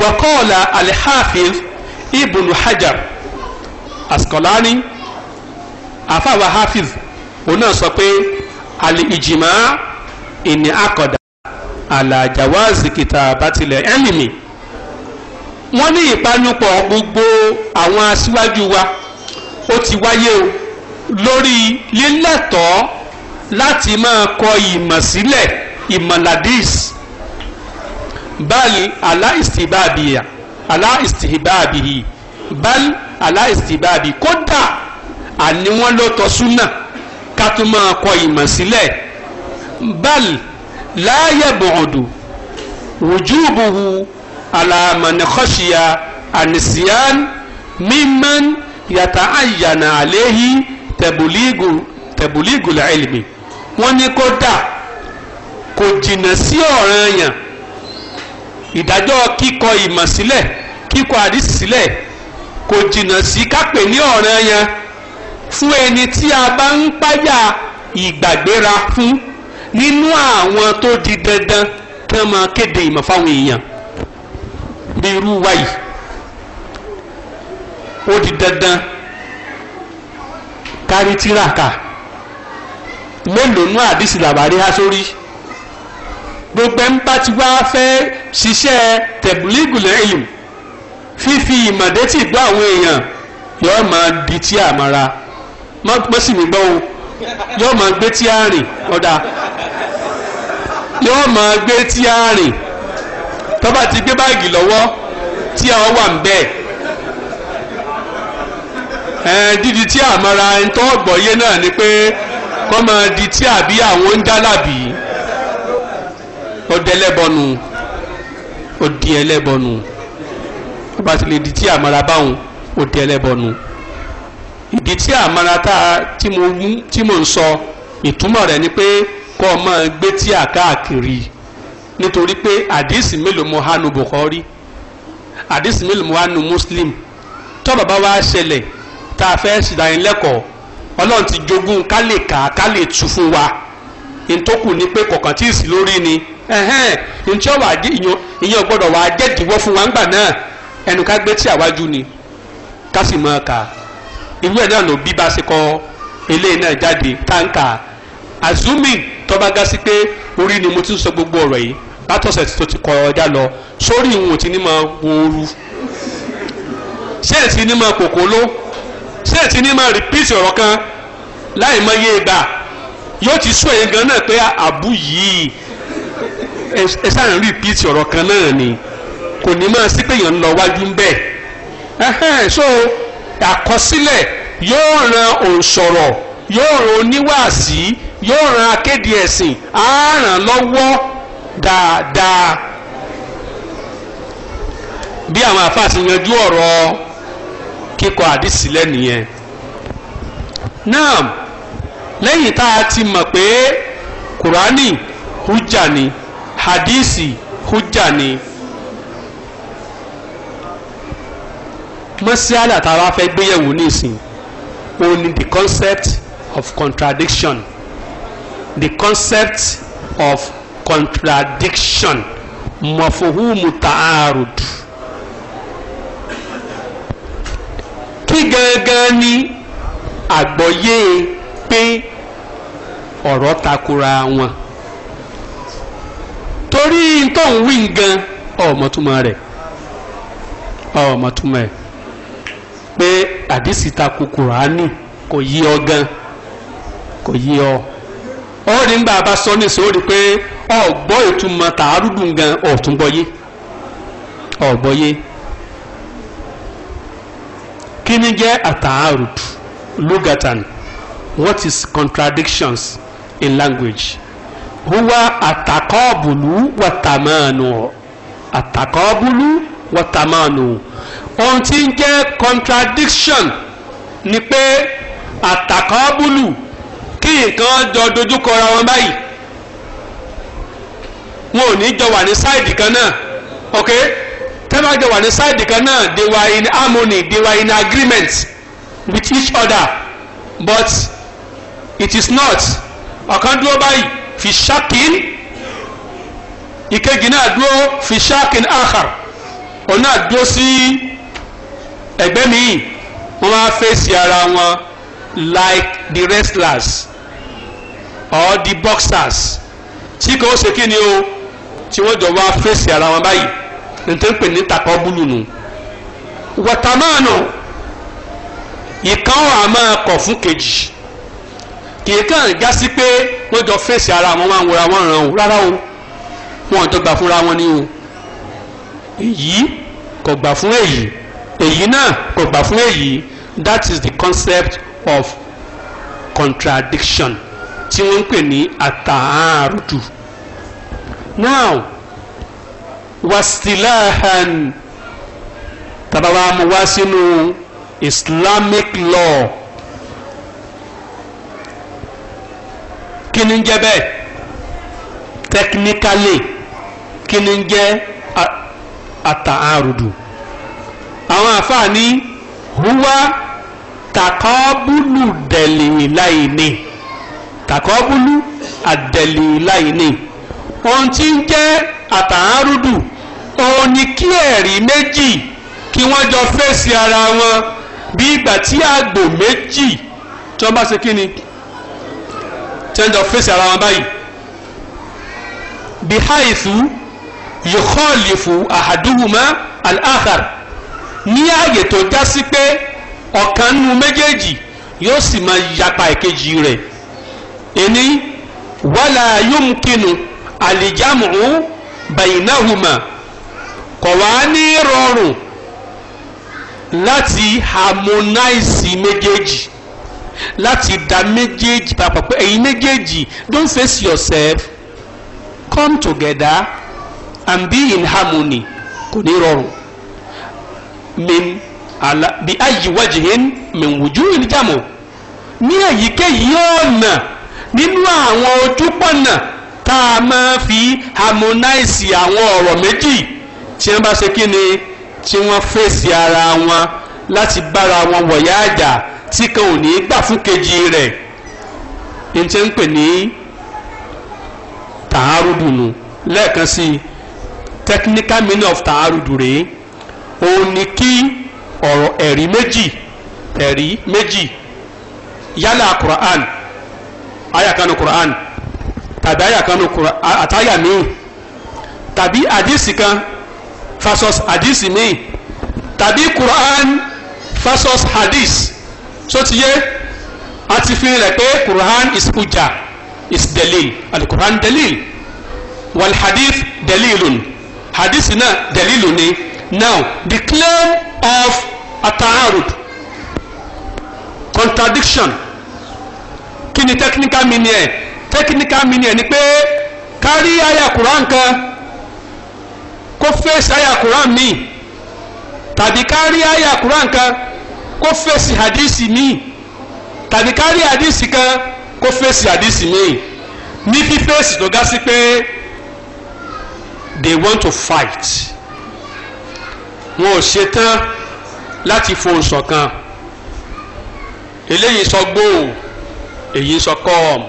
wàkọ́ọ̀lá alhafiz ibn hajar askolani afawa hafiz òun náà sọ pé alìjìmá ìní akọ̀dà àlàjáwáàzì kitabatil ilmi wọ́n ní ìpanupọ̀ gbogbo àwọn aṣíwájú wa ó ti wáyé o lórí lílẹ̀tọ́ láti máa kọ ìmọ̀ sílẹ̀ ìmọ̀ ladis bal ala istibabi ya ala istibabi istihbabihi bal ala istibabi kódà àní wọn ló tọ súnà ká tún máa kọ ìmọ̀ sílẹ̀ bal láàyè bọ̀ọ̀dù wujubuhu ala man khashiya anisiyan mimman yàtà àyànà àléhi tẹ̀bùlígù tẹ̀bùlígù làílmi wọ́n ní kódà kò jìnnà sí ọ̀ranyàn ìdájọ́ kíkọ ìmọ̀ sílẹ̀ kíkọ àdìsí sílẹ̀ kò jìnnà sí kápẹ́ ní ọ̀ràn yẹn fún ẹni tí a bá ń páyà ìgbàgbéra fún nínú àwọn tó di dandan kí wọ́n máa kéde ìmọ̀ fáwọn èèyàn bí irú wáyìí ó di dandan kárí tíraka mélòó nú àdìsí làbárí há sórí gbogbo ẹni bá ti wá fẹ́ ṣiṣẹ́ tẹ̀bùlígùl ilm fífi ìmọ̀détì gbọ́ àwọn èèyàn yóò máa di tí a mara mọ́ sì mí gbọ́ o yóò máa gbé tí a rìn ọ̀dà yóò máa gbé tí a rìn tó ti gbé báàgì lọ́wọ́ tí a wà ń bẹ́ẹ̀ dídi tí a mara ẹni tó gbọ́ yé náà ni pé kọ́ máa di tí àbí àwọn ń dá làbí ó di ẹlẹ́bọnù ó di ẹlẹ́bọnù ó bá ti lè di tí àmọ́ra báwọn ó di ẹlẹ́bọnù ìdí tí àmọ́ra tá a tí mo ń sọ ìtumọ̀ rẹ̀ ni pé kọ́ ọ máa gbé tí a káàkiri nítorí pé àdìsí mélòó mo hánu Bukhari àdìsí mélòó mo hánu Muslim tó bàbá wa ṣẹlẹ̀ tá a fẹ́ ṣìdánilẹ́kọ̀ọ́ ọlọ́run ti jogún ká lè kà á ká lè tu fún wa ntòkù ni pé kọ̀ọ̀kan tí ì sí lórí ni ẹ̀hẹ́n ntí ọ̀wà ìyẹn ò gbọ́dọ̀ wà á jẹ́ ìdíwọ́ fún wa ńgbà náà ẹnu ká gbé tí àwájú ni ká sì mọ̀ ká irú ẹ̀ náà ló bí bá ṣe kọ eléyìí náà jáde táǹkà azumi tọ́ba gá sí pé orí ni mo ti ń sọ gbogbo ọrọ yìí látọ̀sẹ̀ tó ti kọ ọjà lọ sórí ìwọ̀n tí ní máa wo ooru ṣé èsì ní máa kòkó ló ṣé èsì ní máa rìpíìtì ọ̀rọ̀ kan láì mọ iye ìgbà yóò ti sún èyí gan náà pé àbú yìí ẹ sáà ń rìpíìtì ọ̀rọ̀ kan náà ni kò ní máa sí pé èèyàn ń lọ wájú ń bẹ̀ so àkọsílẹ̀ yóò ran òǹsọ̀rọ̀ yóò ran oníwàásí yóò ran akéde ẹ̀sìn á ràn lọ́wọ́ dáadáa bí àwọn àfáà ti yanjú ọ̀rọ̀ kíkọ àdìsí lẹ́nìyẹn náà lẹ́yìn tá a ti mọ̀ pé kùránì hújà ni. Naam, hadisi hujja ni mọ́síálà tá a bá nísìn o ní the concept of contradiction the concept of contradiction mọ̀fòhùmù taarud, kí gangan ni àgbọ́yé pé ọ̀rọ̀ takora wọn. torí tó ń wí nǹkan ọmọtúmọ̀ rẹ̀ ọmọtúmọ̀ ẹ̀ pé àdìsí takò kùránì kò yí ọ gan kò yí ọ ó rí nígbà bá sọ ní sọ ó rí pé ọ̀gbọ́ ìtumọ̀ tààrúdùn gan ọ̀túnbọ̀yé ọ̀gbọ́yé kí ni jẹ́ àtàárùd lugatan what is contradictions in language huwa àtàkọ́ọ̀bùlù wàtàmánu àtàkọ́ọ̀bùlù wàtàmánu ohun tí ń jẹ́ contradiction ni pé àtàkọ́ọ̀bùlù kí nǹkan jọ dojúkọ ra wọn báyìí wọn ò ní jọ wà ní sáìdì kan náà ok tẹ́lá jọ wà ní sáìdì kan náà they were in harmony they were in agreement with each other but it is not ọ̀kan dúró báyìí fi ṣákin ìkejì náà dúró fi ṣákin akhar òun náà dúró sí ẹgbẹ́ míì wọ́n máa fèsì ara wọn like the wrestlers or the boxers tí kò ṣe kí ni o tí wọ́n jọ wá fèsì ara wọn báyìí nítorí pé ní takọ́ búlù nù wọ́tàmánù ìkan wà máa fún kejì kì í kàn já sí pé wọ́n jọ fèsì ara wọn máa ń wọra wọn ràn ó rárá o wọn jọ gbà fúnra wọn ni o èyí kò gbà fún èyí èyí náà kò gbà fún èyí that is the concept of contradiction tí wọ́n ń pè ní àtàárùdù now wasilahan tabawa mu wá sínú islamic law. kí ni ń jẹ́ bẹ́ẹ̀ technically kí ni ń àwọn àfààní huwa takọ́bùlù dẹ̀lìláìní takọ́bùlù àdẹ̀lìláìní ohun tí ń jẹ́ àtàárùdù òun ni kí ẹ̀rí méjì kí wọ́n jọ fèsì ara wọn bí ìgbà tí àgbò méjì tí wọ́n bá ṣe kí ni tẹ́ńdọ̀ fèsì ara wọn báyìí bihaisu yìkọ́ọ̀lìfù àhàdúhùmá al-akhar ní ààyè tó já sí pé ọ̀kan nínú méjèèjì yóò sì máa yapa ìkejì rẹ̀ ẹni wàlà yumkinu àlìjámù bàyìnáhùmá kò wá ní rọrùn láti harmonize méjèèjì láti da méjèèjì papọ̀ pé ẹ̀yin méjèèjì don't face yourself come together and be in harmony kò ní rọrùn min ala bi ayi wajihin min wujú ìjàmù ní èyíkéyìí ọ̀nà nínú àwọn ojúpọ̀nà tá a máa fi harmonize àwọn ọ̀rọ̀ méjì tí wọ́n bá ṣe kí ni tí wọ́n fèsì ara wọn láti bára wọn wọ̀yá àjà tí kan ò ní gbà fún kejì rẹ̀ ní ti ń pè ní tàárùdù lẹ́ẹ̀kan sí i technical meaning of tàárùdù rèé òun ni kí ọ̀rọ̀ ẹ̀rí méjì ẹ̀rí méjì yálà Quran ayakanu Quran tàbí ayakanu Quran àtàyà míì tàbí àdìsí kan versus àdìsí míì tàbí Quran versus hadith so ti yé a ti fi rẹ̀ pé quran is hujja is delil al-quran delil wal hadith delilun hadith náà delilun ni now the claim of ataharud contradiction Kini ni technical meaning ẹ̀ technical meaning ni pé kárí àyà quran kan kó fèsì àyà quran míì tàbí kárí àyà quran kan kó fèsì hadisi míì tàbí kárí hadisi kan kó fèsì hadisi míì ní fífèsì tó ga sí pé they want to fight wọn ò ṣetán láti fohùn ṣọ̀kan eléyìí sọ gbóò èyí sọ kọ́ọ̀mù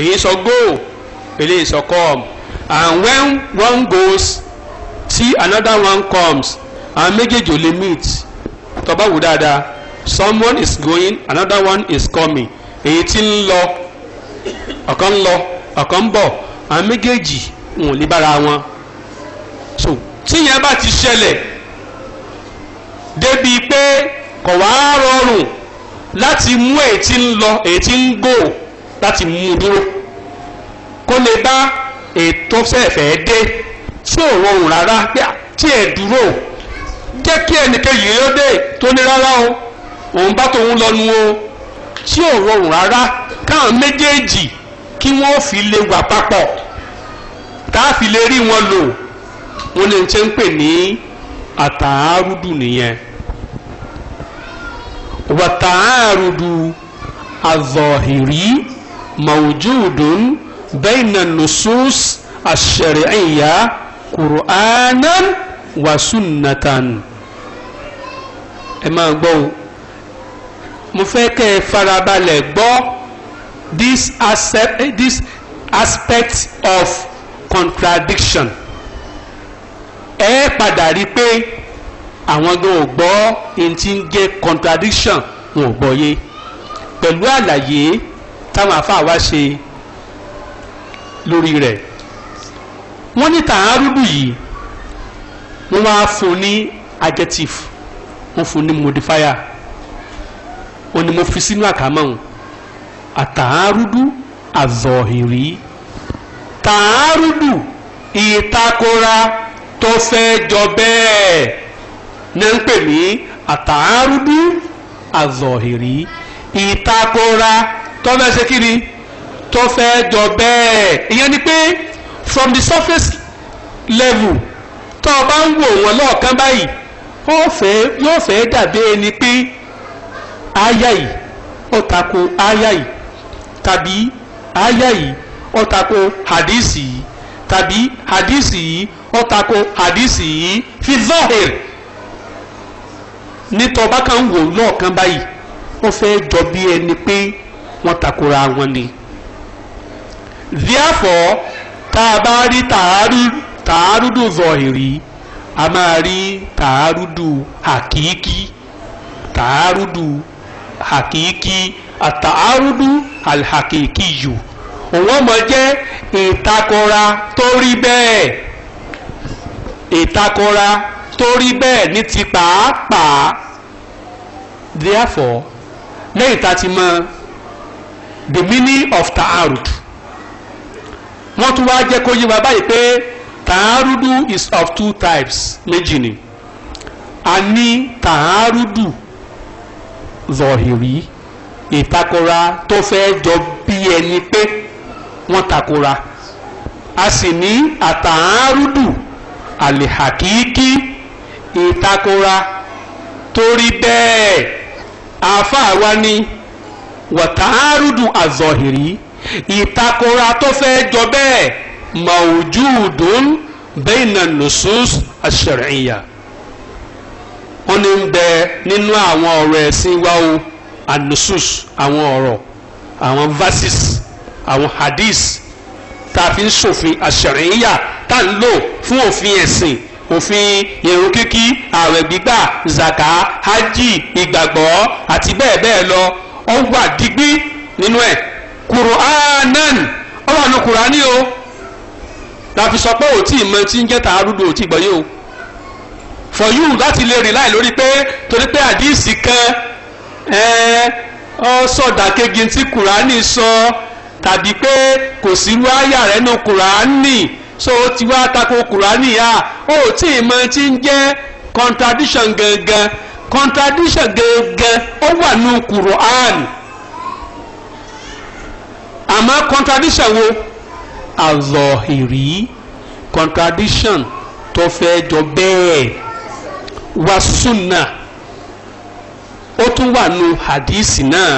èyí sọ góò eléyìí sọ kọ́ọ̀mù and when one goes see another one comes and méjèèjì ò lè meet tọ́ba wù dáadáa someone is going another one is coming èyí tí ń lọ ọ̀kan ń lọ ọ̀kan ń bọ̀ àwọn méjèèjì wọn ò lè bára wọn so tíyẹn bá ti ṣẹlẹ̀ débi pé kò wá rọrùn láti mú èyí tí ń lọ èyí tí ń gò láti mú un dúró kó lè bá ètò fẹ́ẹ̀fẹ́ dé tí ò rọrùn rárá pé tí ẹ̀ dúró jẹ́ kí ẹnìkejì yóò dé tó ní rárá o òun bá tòun lọ́nu o tí ò rọrùn rárá káwọn méjèèjì kí wọ́n fi lè wà papọ̀ tá a fi lè rí wọn lò wọn lè ṣe ń pè ní àtàárùdù nìyẹn wàtàárùdù àzọ̀hìrí màwùjúùdùn bẹ́ẹ̀nà nùsùs àṣẹ̀rẹ̀ ẹ̀yà kùránán ẹ máa gbọ́ o mo fẹ́ kẹ́ ẹ farabalẹ̀ gbọ́ this eh, this aspect of contradiction ẹ padà rí i pé àwọn gan ò gbọ́ ẹni tí ń jẹ́ contradiction wọn ò gbọ́ yé pẹ̀lú àlàyé táwọn àfáà wá ṣe lórí rẹ̀ wọ́n ní tààrúdù yìí wọ́n wá fún un ní adjective wọ́n fún ní modifier wọ́n ní mo fi sínú àkàmọ́hún àtàárúdú àzọ̀hìrí tàárúdù ìtakora tó fẹ́ jọ bẹ́ẹ̀ ní ń pè ní àtàárúdú àzọ̀hìrí ìtakora tó fẹ́ ṣe kí tó fẹ́ jọ bẹ́ẹ̀ ìyẹn ni pé from the surface level tó o bá ń wò wọ́n lọ́ọ̀kan báyìí yóò fẹ́ dàbí ẹni pé aya yìí ó tako aya yìí tàbí aya yìí ó tako hadisi yìí tàbí hadisi yìí ó tako hadisi yìí fi zahir nítọ́ bá kàn wò lọ́ọ̀kan báyìí ó fẹ́ jọ bí ẹni pé wọ́n takora wọn ni therefore tá a bá rí tààrúdù zọ̀hìrì a máa rí tàárúdù àkíkí tàárúdù àkíkí àtàárúdù àlhàkíkí yù òun ọmọ jẹ́ ìtakora tó rí bẹ́ẹ̀ ìtakora tó rí bẹ́ẹ̀ ní ti pàápàá therefore lẹ́yìn tá a ti mọ the meaning of taarud wọ́n tún wá jẹ́ kó yé wa báyìí pé tààrúdù is of two types méjì ni a ní tààrúdù zọ̀hìrí ìtakora tó fẹ́ jọ bí ẹni pé wọ́n takora a sì ní àtàárúdù àlèhàkíkí ìtakora torí bẹ́ẹ̀ àáfàá ní wàtàárúdù àzọ̀hìrí ìtakora tó fẹ́ jọ bẹ́ẹ̀ mawjudun bayna nusus ash-shar'iyya wọ́n ní ń bẹ nínú àwọn ọ̀rọ̀ ẹ̀sìn wa o anusus àwọn ọ̀rọ̀ àwọn verses àwọn hadith tá a fi ń ṣòfin ash-shar'iyya tá a ń lò fún òfin ẹ̀sìn òfin ìrun kíkí ààwẹ̀ gbígbà zaka hajj ìgbàgbọ́ àti bẹ́ẹ̀ bẹ́ẹ̀ lọ ó wà nínú ẹ̀ kùránán ó wà ní kùránì tàfi sọ pé òtí ìmọ̀ tí ń jẹ́ tàárùdù òtí gbọ́ yìí o for you láti lè rely lórí pé torí pé àdìsí kan ọ sọ̀dàkejì tí kùránì sọ tàbí pé kò sírú àyà rẹ̀ nu kùránì so ó ti wá tako kùránì à òtí ìmọ̀ tí ń jẹ́ contradiction gangan contradiction gangan ó wà nu kùránì àmọ́ contradiction wo azọ̀hìrí contradiction tó fẹ́ jọ bẹ́ẹ̀ wá súnà ó tún wà nù hadisi náà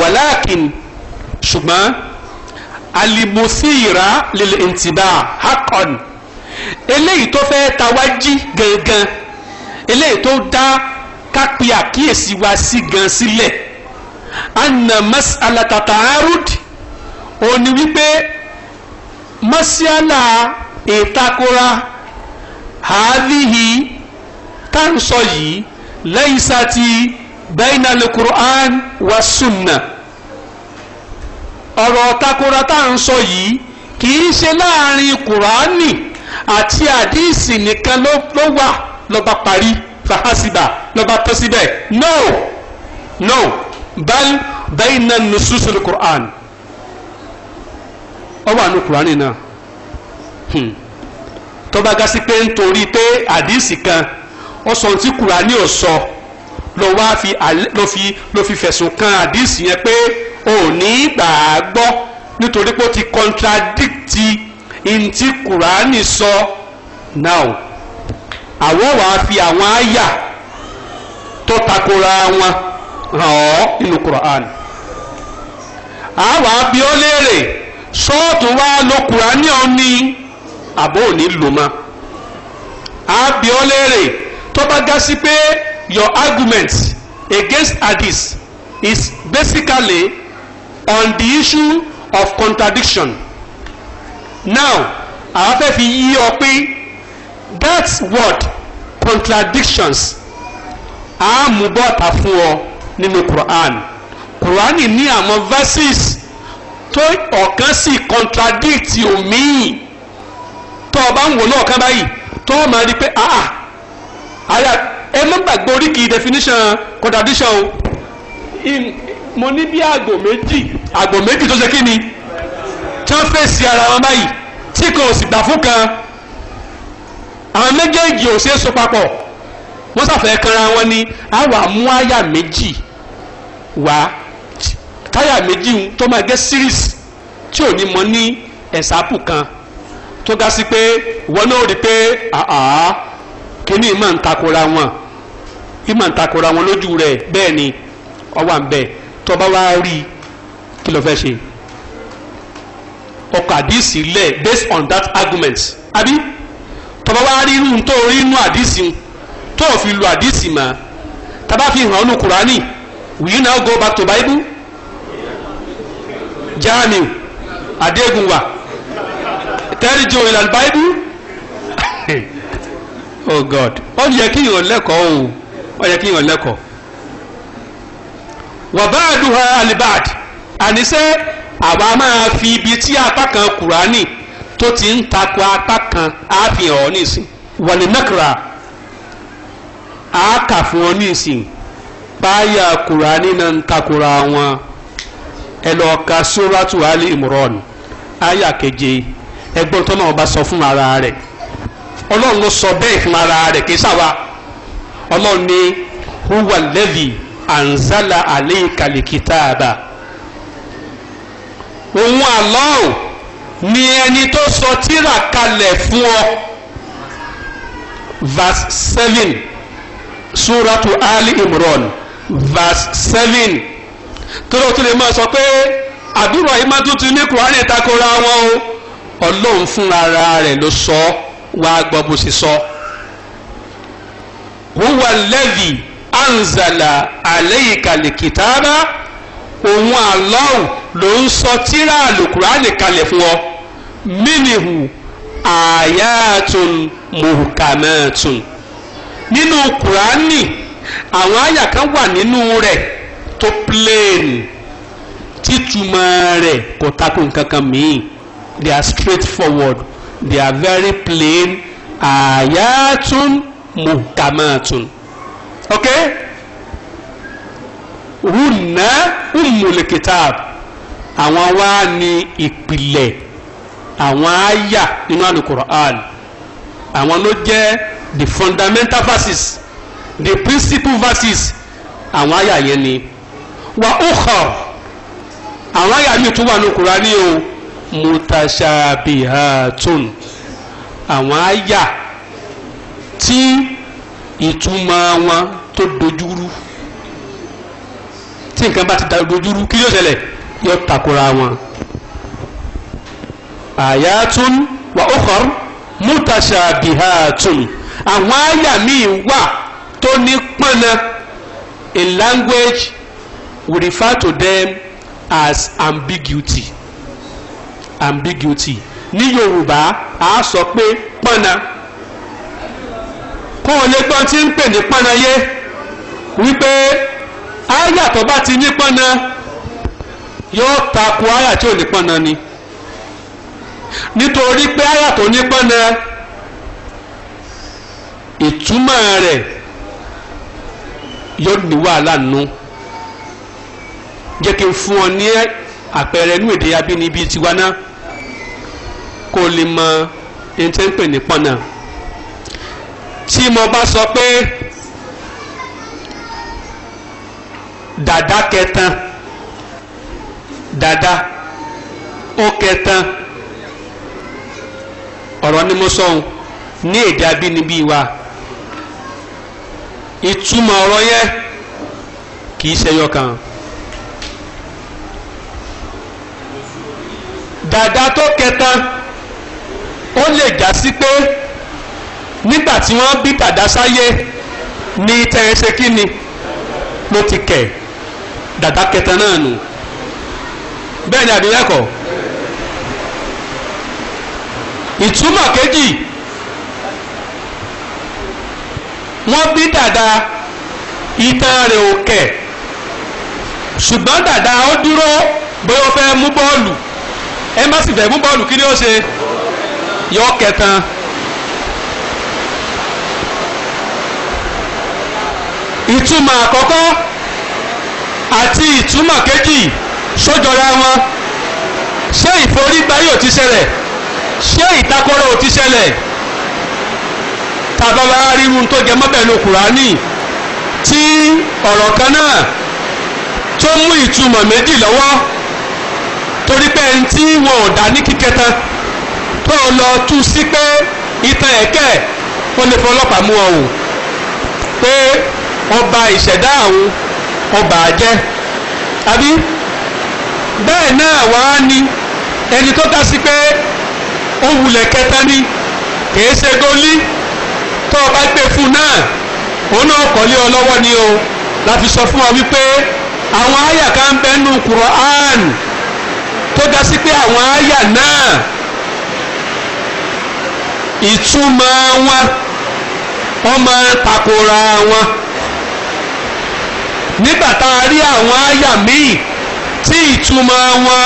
wàláàkìn ṣùgbọ́n alimusira lil intiba hakon eléyìí tó fẹ́ tawájí gangan eléyìí tó dá kápẹ́ àkíyèsí wa sí gan sílẹ̀ anna mas'alata ta'arud ó wípé mọ́síálà ìtakora hàdíhì tá à ń sọ yìí laysati bayna al-Qur'an wa sunnah ọ̀rọ̀ takora tá à ń sọ yìí kì í ṣe láàrin kùránì àti àdíìsì nìkan ló wà lọ́ba parí fàhásìbà lọ́ba tó síbẹ̀ no no bal bayna nususul Qur'an ọ wà nù kúránì náà hmm. tó bá gásí pé nítorí pé àdìsí kan ó sọ ohun tí kúránì ò sọ ló wá fi ló fi ló fi fẹ̀sùn kan àdìsí yẹn pé ò ní gbà á gbọ́ nítorí pé ó ti contradict ntí kúránì sọ now àwọn wàá fi àwọn àyà tó takora wọn hàn ọ́ nínú kúránì àwa bí sọ́ọ̀tù wa lo kùránì ọ̀ ní àbó òní lò má a bi tó bá ga sí pé your argument against hadith is basically on the issue of contradiction now àwọn fẹ́ fi yí ọ pé that word contradictions a mú bọ́ta fún ọ nínú Quran Quran ní àwọn verses tó ọ̀kan sì contradict omi tó o bá ń wò lọ́ọ̀kan báyìí tó o máa rí pé ah àyà ẹ má gbàgbé oríkì definition contradiction o mo ní bí àgbò méjì àgbò méjì tó ṣe kí ni tí wọ́n fèsì ara wọn báyìí tí kò sì gbà fún kan àwọn méjèèjì ò ṣe so papọ̀ wọ́n ṣàfẹ́ kanra wọn ni a mú àyà méjì wá táyà méjì ń tó máa gẹ́ series tí ò ní mọ ní ẹ̀sápù kan tó ga sí pé wọn náà rí i pé kíní ìmọ̀ ń takora wọn ìmọ̀ ń takora wọn lójú rẹ̀ bẹ́ẹ̀ ni ọwà ń tó bá wá rí i kí ló fẹ́ ṣe ọkọ̀ àdìsí lẹ̀ based on that argument Abi, tó bá wá rí irú tó rí inú àdìsí tó fi lu àdìsí mọ́ tá bá fi hàn ọ́nù kùránì we now go back to Bible aljamiu adégúnwà tẹ́rìjì òyìnbó alibaibu oh god ó yẹ kí yìnyín lẹ́kọ̀ọ́ o ó yẹ kí yìnyín lẹ́kọ̀ọ́ wàbáàdùhà alibad àníṣe àwa máa fi ibi tí apá kan kùránì tó ti ń takò apá kan àfihàn ọ́ nísìn wàlínàkìrà àákà fún ọ nísìn báyà kùránì náà ń takora wọn ẹ lọ ka suratu ali imran aya keje ẹgbọ́n tọ́lọ́ ọba sọ fún ara rẹ̀ ọlọ́run ló sọ bẹ́ẹ̀ fún ara rẹ̀ kì í sáwa ọlọ́run ní huwa lẹ́dí anzala ali likitaba òun àlọ́ọ̀ ni ẹni tó sọ tírà kalẹ̀ fún ọ verse seven suratu ali imran verse seven torí o tún lè máa sọ pé àbúrò àyímátú ti ní kùránì takora wọn o ọlọ́run fúnra rẹ̀ ló sọ wàá gbọ́ bó ṣe sọ. huwa lẹ́vì anzala aleyikali kitaba òun àlọ́run ló ń sọ tíra àlùkùránì kalẹ̀ fún ọ mínìhù àyàtún muhkamatun nínú kùránì àwọn àyà kan wà nínú rẹ̀ tó plain títúmọ̀ rẹ̀ kò takò nǹkankan míì they are straight forward they are very plain ayatun muhkamatun ok hunna ummul kitab àwọn wá ní ìpìlẹ̀ àwọn àyà nínú alukur'an àwọn ló jẹ́ the fundamental verses the principal verses àwọn àyà yẹn ni wà ó kọ̀ àwọn àyà mi tún wà ní Kùránì o mutashabihatun àwọn àyà tí ìtumọ̀ wọn tó dojúrú tí nǹkan bá ti dojúrú kí yóò ṣẹlẹ̀ yóò takora wọn àyàtún wà ó kọ̀ àwọn àyà míì wà tó ní pọ́nà in language we refer to them as ambiguity ambiguity ní yorùbá a sọ pé pọ́nà kó o lè gbọ́n tí ń pè ní pọ́nà yé wípé àyà tó bá ti ní pọ́nà yóò takò àyà tí ò ní pọ́nà ni nítorí pé àyà tó ní pọ́nà ìtumọ̀ rẹ̀ yóò ní wàhálà nù. No jẹ́ kí n fún ọ ní àpẹẹrẹ inú èdè abínibí tiwa náà kó o lè mọ ẹni tẹ́ ń pè ní pọ́nà tí mo bá sọ pé dàda kẹtàn dàda ó kẹtàn ọ̀rọ̀ ni mo sọ ohun ní èdè abínibí wa ìtumọ̀ ọ̀rọ̀ yẹn kì í ṣe yọkan. dada tó kẹta ó lè já sí pé nígbà tí wọ́n bí dàda sáyé ní tẹ̀yẹsẹ̀ kí ti kẹ̀ dada kẹta náà nù bẹẹ ni àbílẹ́kọ̀ọ́ ìtumọ̀ kejì wọ́n bí dàda itan rẹ̀ ò kẹ̀ ṣùgbọ́n dada ó dúró bóyá ó fẹ́ mú bọ́ọ̀lù. ẹmbásì fẹ́ mú bọ́ọ̀lù kí ni ó ṣe yọ kẹtàn. ìtumọ̀ àkọ́kọ́ àti ìtumọ̀ kejì sójọra wọn ṣé ìforígbá yóò ti ṣẹlẹ̀ ṣé ìtakọ́rọ̀ ò ti ṣẹlẹ̀ tàbá wa rí irun tó jẹ mọ́bẹ̀ ló kùránì tí ọ̀rọ̀ kan náà tó mú ìtumọ̀ méjì lọ́wọ́ torí pé ẹni tí wọn ò dá ní kíkẹta tó lọ tú sí pé ìtàn ẹ̀kẹ́ wọ́n lè fọlọ́pàá mú ọ o pé ọba ìṣẹ̀dá àwọn ọba àjẹ́ àbí bẹ́ẹ̀ náà wá ní ẹni tó dá sí pé ó wulẹ̀ kẹta ní kìí ṣe gólí tó o bá gbé fún náà òun náà kọ́lé ọ lọ́wọ́ ni o láti sọ fún wa wípé àwọn àyà ń bẹ́ẹ̀ nù Kùránì tó ga sí pé àwọn àyà náà ìtumọ̀ wọn wọ́n máa ń takora wọn nígbà tá a rí àwọn àyà míì tí ìtumọ̀ wọn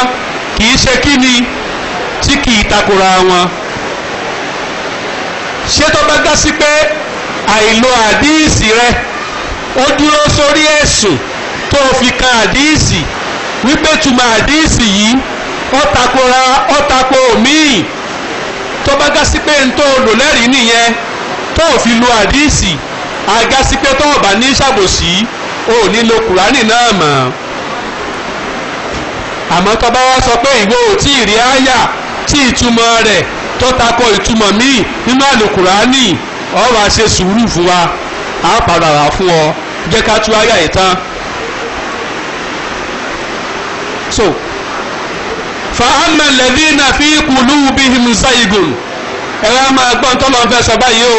kì í ṣe kí ni tí kì í takora wọn ṣé tó bá dá sí pé àìlo àdíìsì rẹ ó dúró sórí ẹ̀sùn tó fi kan àdíìsì wípé tuma àdíìsì yìí ọ̀tàkùnra ọ̀tàkùn míì tó bá gá sí pé ń tó lò lẹ́rìí nìyẹn tó ò fi lo àdíìsì àga sí pé tó ò bá ní ṣàbòsí ò ní lo kùránì náà mọ́ àmọ́ tó bá wá sọ pé ìwọ ò tí ì rí àyà tí ìtumọ̀ rẹ̀ tó takò ìtumọ̀ míì nínú àlùkùránì ó wá sùúrù fún wa á padà wá fún ọ jẹ́ ká tú àyà yìí tán. so fàámà lẹ́dínà fi kùlù bíhìm zaigun ẹ̀rọ àmà ẹgbọ́n tó lọ́n fẹ́ sọ báyìí o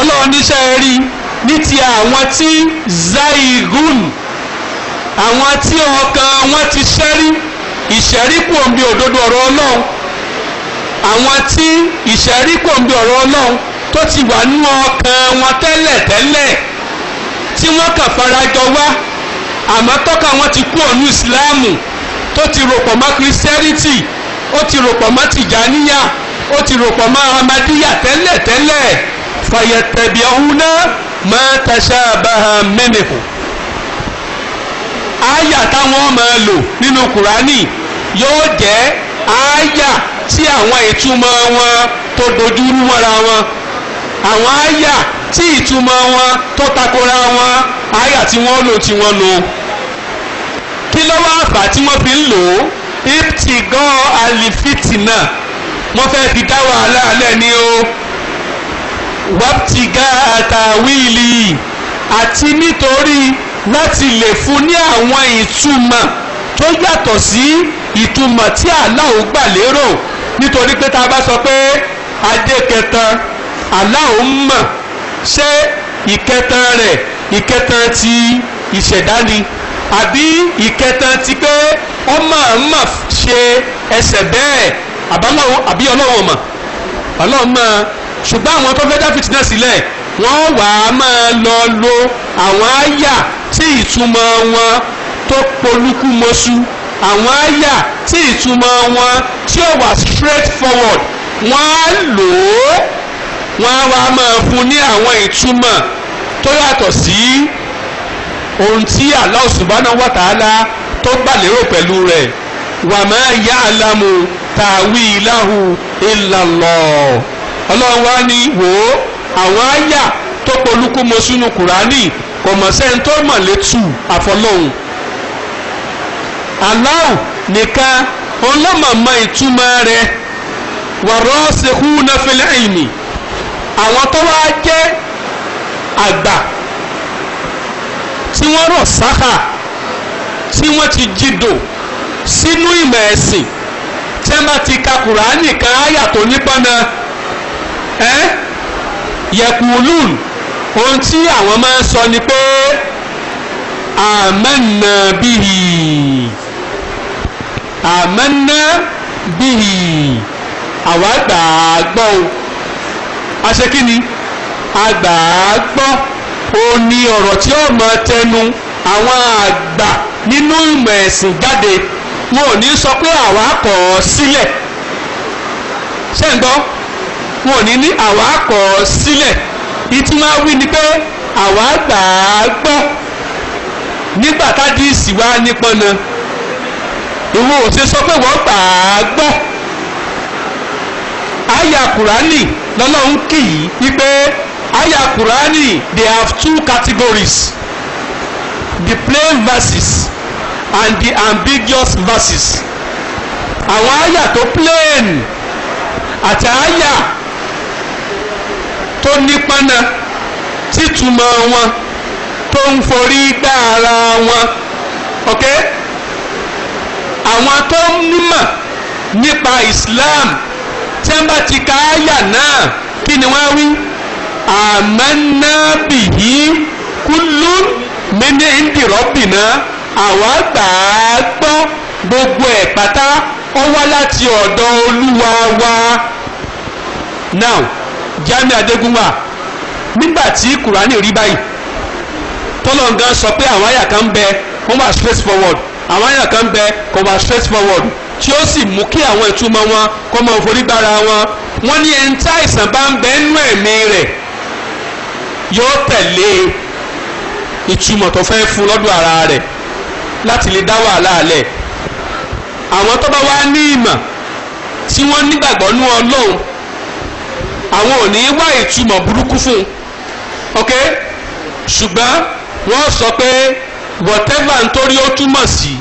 ọlọ́run níṣẹ́ rí ní ti àwọn tí zaigun àwọn tí ọkàn wọn ti ṣẹ́rí ìṣẹ́ríkù òdodo ọ̀rọ̀ ọlọ́run àwọn tí ìṣẹ́ríkù ọ̀rọ̀ ọlọ́run tó ti wà nínú ọkàn wọn tẹ́lẹ̀ tẹ́lẹ̀ tí wọ́n kàn farajọ wá àmọ́ tọ́ka wọn ti kú ọ̀nù ìsìláàmù tó ti ròpọ̀ mọ́ kírísítẹ́rìtì ó ti ròpọ̀ mọ́ tìjàníyà ó ti ròpọ̀ mọ́ amadíyà tẹ́lẹ̀ tẹ́lẹ̀ fàyẹ̀tẹ̀bíọ́húnà máa tẹ̀sẹ̀ bàhà mẹ́nìkù. àyà táwọn máa lò nínú kùránì yóò jẹ́ àyà tí àwọn ìtumọ̀ wọn tó dojúrú mọ́ra wọn àwọn àyà tí ìtumọ̀ wọn tó takora wọn àyà tí wọ́n lò tí wọ́n lò kí ló wá fà tí wọ́n fi ń lò ó ipti gan alifiti náà wọ́n fẹ́ fi dá wàhálà alẹ́ ni o wọ́pti gan àtàwíìlì àti nítorí láti lè fún ní àwọn ìtumọ̀ tó yàtọ̀ sí ìtumọ̀ tí aláwo gbà lérò nítorí pé tá a bá sọ pé adé kẹtàn aláwo ń mọ̀ ṣé ìkẹtàn rẹ̀ ìkẹtàn ti ìṣẹ̀dá ni àbí ìkẹta ti pé ọmọ àmà ṣe ẹsẹ̀ bẹ́ẹ̀ àbí ọlọ́run ọmọ ọlọ́run mọ́ ṣùgbọ́n àwọn tó fẹ́ dá fìtínà sílẹ̀ wọ́n wà á máa lọ lo àwọn àyà tí ìtumọ̀ wọn tó polúkú mọ́sú àwọn àyà tí ìtumọ̀ wọn tí ó wà straight forward wọ́n á lò ó wọ́n á wà á máa fún ní àwọn ìtumọ̀ tó yàtọ̀ sí. Si ohun tí Allah subhanahu wa ta'ala tó gbà lérò pẹ̀lú rẹ̀ wa ma ya'lamu ta'wilahu illa Allah ọlọ́run wá ní wò ó àwọn àyà tó polúkú mo sínú kùránì kò mọ̀ sẹ́ni tó mọ̀ létù àfọlọ́hún Allah nìkan ọlọ́mọ̀mọ́ ìtumọ̀ rẹ̀ warasikhuna fil ilmi àwọn tó wá jẹ́ àgbà tí wọ́n rọ̀ sáhà tí wọ́n ti jìdò sínú ìmọ̀ ẹ̀sìn tí wọ́n bá ti ka kùránì kan áyà tó nípọnà ẹ́ yẹkùlùn ohun tí àwọn máa ń sọ ni pé àmánà bíhì àmánà bíhì àwa gbàgbọ́ o a ṣe kí ni ó ní ọ̀rọ̀ tí ó mọ tẹnu àwọn àgbà nínú ìmọ̀ ẹ̀sìn jáde wọn ò ní sọ pé àwa kọ̀ ọ́ sílẹ̀ ṣé ń gbọ́ wọn ò ní ní àwa kọ̀ ọ́ sílẹ̀ ìtumọ̀ wí ni pé àwa wa nípọn náà ìwọ ò ṣe sọ pé wọ́n gbà á gbọ́ àyà kùránì lọ́lọ́run kì aya Qurani they have two categories the plain verses and the ambiguous verses àwọn aya tó plain àti aya tó nípánà títúmọ̀ wọn tó ń forí gbá ara wọn ok àwọn tó ń nímọ̀ nípa Islam tí wọ́n bá ti ka aya náà kí ni wọ́n wí àmánà bìyí kúlú mẹ́ni ìdìrọ́bìnà àwa gbà á gbọ́ gbogbo ẹ̀ pátá ó wá láti ọ̀dọ̀ olúwa wa now jami adegunwa nígbà tí kùránì rí báyìí tọ́lọ̀ǹgá sọ pé àwọn àyà kan bẹ wọ́n wà straight forward àwọn àyà kan bẹ kò wà straight forward tí ó sì mú kí àwọn ìtumọ̀ wọn kó máa forí gbára wọn wọ́n ní ẹni tí bá ń bẹ nínú ẹ̀mí rẹ̀ yóò tẹ̀lé ìtumọ̀ tó fẹ́ fún lọ́dọ̀ ara rẹ̀ láti lè dá wàhálà alẹ̀ àwọn tó bá wá ní ìmọ̀ tí wọ́n nígbàgbọ́ nú ọlọ́run àwọn ò ní wá ìtumọ̀ burúkú fún un ok ṣùgbọ́n wọ́n sọ pé whatever nítorí ó túmọ̀ sí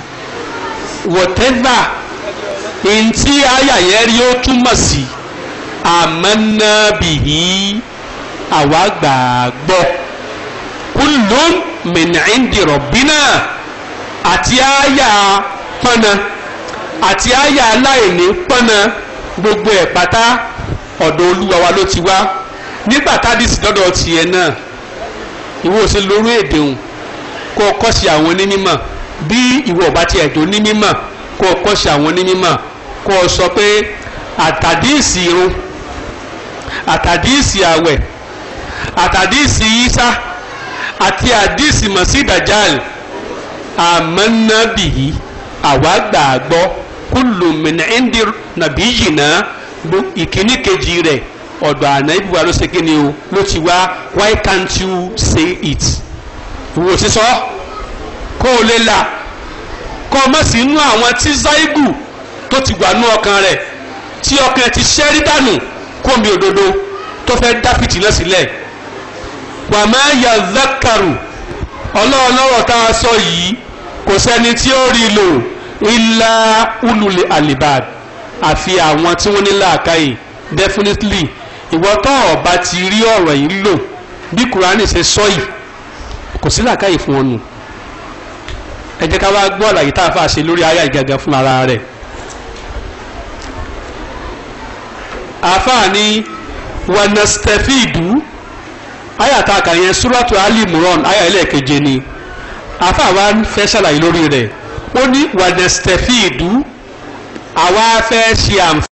whatever ntí àyà yẹn rí ó túmọ̀ sí àmọ́ náà bìí àwa gbà á gbọ́ kullun min indi rabbina àti àyà pọ́nà àti àyà aláìní pọ́nà gbogbo ẹ̀ pátá ọ̀dọ̀ olúwa wa ló ti wá nígbà tádìsí lọ́dọ̀ tiẹ̀ náà ìwọ ò sí lórí èdè òun kó o kọ́ sí àwọn onímọ̀ bí ìwọ ọba ti ẹ̀dọ́ onímọ̀ kó o kọ́ sí àwọn onímọ̀ kó o sọ pé àtàdíìsì irun àtàdíìsì àwẹ̀ àtàdísì isa àti àdísì mọ̀sí dajal àwa gbàgbọ́ kúlù mìnàndì nàbíyì náà ìkíní kejì rẹ̀ ọ̀dọ̀ àná ibùba ló ṣe kíni o ló ti wá why can't you say it wò sísọ kó o lè là kó o mọ̀ sí inú àwọn tí zaigu tó ti wà nú ọkàn rẹ̀ tí ọkàn ti ṣẹ́rí dànù kó mi òdodo tó fẹ́ dá fìtínà sílẹ̀. Si wàmẹ́ yazakaru ọlọ́ọ̀lọ́rọ̀ tá a sọ yìí kò sẹ́ni tí ó rí lò ilá ulul alibad àfi àwọn tí wọ́n ní làákàyè definitely ìwọ tó ọba ti rí ọ̀rọ̀ yìí lò bí kùránì ṣe sọ yìí kò sí làákàyè fún ọnù ẹ jẹ́ ká wá gbọ́ àlàyé tá a fà ṣe lórí ayá ìgangan fún ara rẹ̀ àfààní wanastefidu àyà tá a kà yẹn suratu ali muran àyà ẹlẹ́ẹ̀keje ni àfàwa fẹ́ ṣàlàyé lórí rẹ̀ ó ní wàdẹ̀sítẹ̀fíìdù àwa fẹ́ ṣe àǹfààní.